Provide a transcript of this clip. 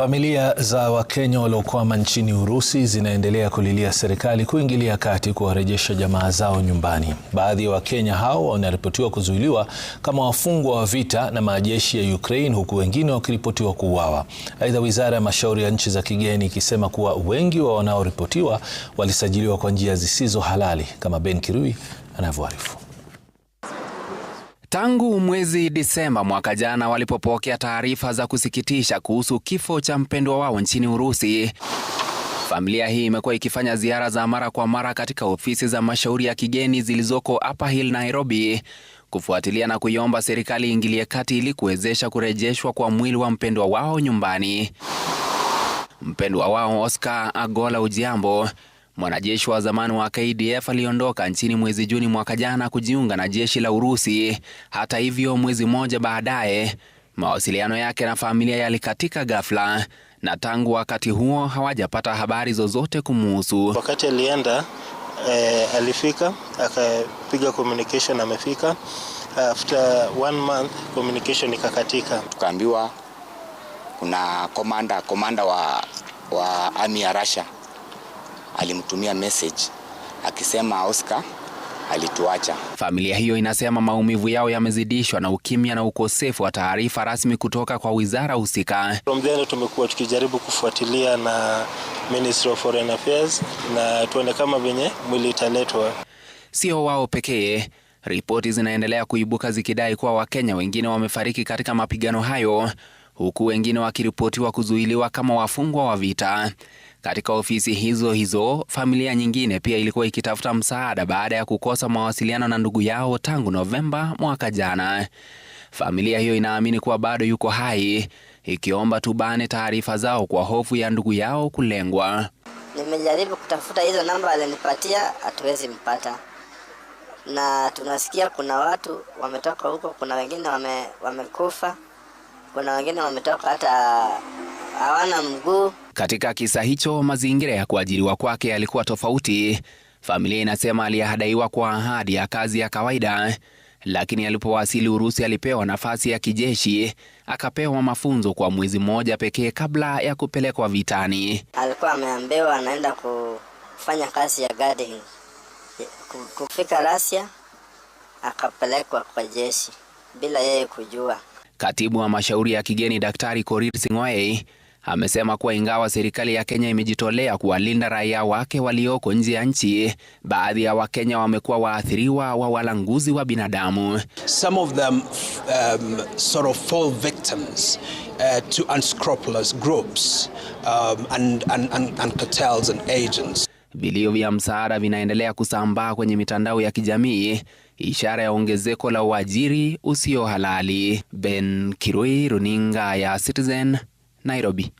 Familia za Wakenya waliokwama nchini Urusi zinaendelea kulilia serikali kuingilia kati kuwarejesha jamaa zao nyumbani. Baadhi ya Wakenya hao wanaripotiwa kuzuiliwa kama wafungwa wa vita na majeshi ya Ukraine huku wengine wakiripotiwa kuuawa. Aidha, Wizara ya Mashauri ya Nchi za Kigeni ikisema kuwa wengi wa wanaoripotiwa walisajiliwa kwa njia zisizo halali kama Ben Kirui anavyoarifu. Tangu mwezi Disemba mwaka jana walipopokea taarifa za kusikitisha kuhusu kifo cha mpendwa wao nchini Urusi, familia hii imekuwa ikifanya ziara za mara kwa mara katika ofisi za mashauri ya kigeni zilizoko Upper Hill, Nairobi, kufuatilia na kuiomba serikali ingilie kati ili kuwezesha kurejeshwa kwa mwili wa mpendwa wao nyumbani. Mpendwa wao Oscar Agola Ujiambo Mwanajeshi wa zamani wa KDF aliondoka nchini mwezi Juni mwaka jana kujiunga na jeshi la Urusi. Hata hivyo, mwezi mmoja baadaye mawasiliano yake na familia yalikatika ghafla, na tangu wakati huo hawajapata habari zozote kumuhusu. Wakati alienda e, alifika akapiga communication, amefika after one month communication ikakatika. Tukaambiwa kuna komanda komanda wa, wa ami ya Russia alimtumia message akisema Oscar alituacha. Familia hiyo inasema maumivu yao yamezidishwa na ukimya na ukosefu wa taarifa rasmi kutoka kwa wizara husika. tumekuwa tukijaribu kufuatilia na Ministry of Foreign Affairs na tuone kama venye mwili italetwa. Sio wao pekee, ripoti zinaendelea kuibuka zikidai kuwa Wakenya wengine wamefariki katika mapigano hayo, huku wengine wakiripotiwa kuzuiliwa kama wafungwa wa vita. Katika ofisi hizo hizo, familia nyingine pia ilikuwa ikitafuta msaada baada ya kukosa mawasiliano na ndugu yao tangu Novemba mwaka jana. Familia hiyo inaamini kuwa bado yuko hai, ikiomba tubane taarifa zao kwa hofu ya ndugu yao kulengwa. Nimejaribu kutafuta hizo namba alinipatia, hatuwezi mpata, na tunasikia kuna watu wametoka huko, kuna wengine wame, wamekufa, kuna wengine wametoka hata hawana mguu. Katika kisa hicho, mazingira ya kuajiriwa kwake yalikuwa tofauti. Familia inasema aliyehadaiwa kwa ahadi ya kazi ya kawaida, lakini alipowasili Urusi alipewa nafasi ya kijeshi, akapewa mafunzo kwa mwezi mmoja pekee kabla ya kupelekwa vitani. Alikuwa ameambiwa anaenda kufanya kazi ya gardening. Kufika Rasia akapelekwa kwa jeshi bila yeye kujua. Katibu wa mashauri ya kigeni Daktari Korir Sing'oei amesema kuwa ingawa serikali ya Kenya imejitolea kuwalinda raia wake walioko nje ya nchi, baadhi ya Wakenya wamekuwa waathiriwa wa walanguzi wa binadamu. Some of them, um, sort of fall victims, uh, to unscrupulous groups, um, and, and, and, and cartels and agents. Vilio vya msaada vinaendelea kusambaa kwenye mitandao ya kijamii, ishara ya ongezeko la uajiri usio halali. Ben Kirui, runinga ya Citizen Nairobi.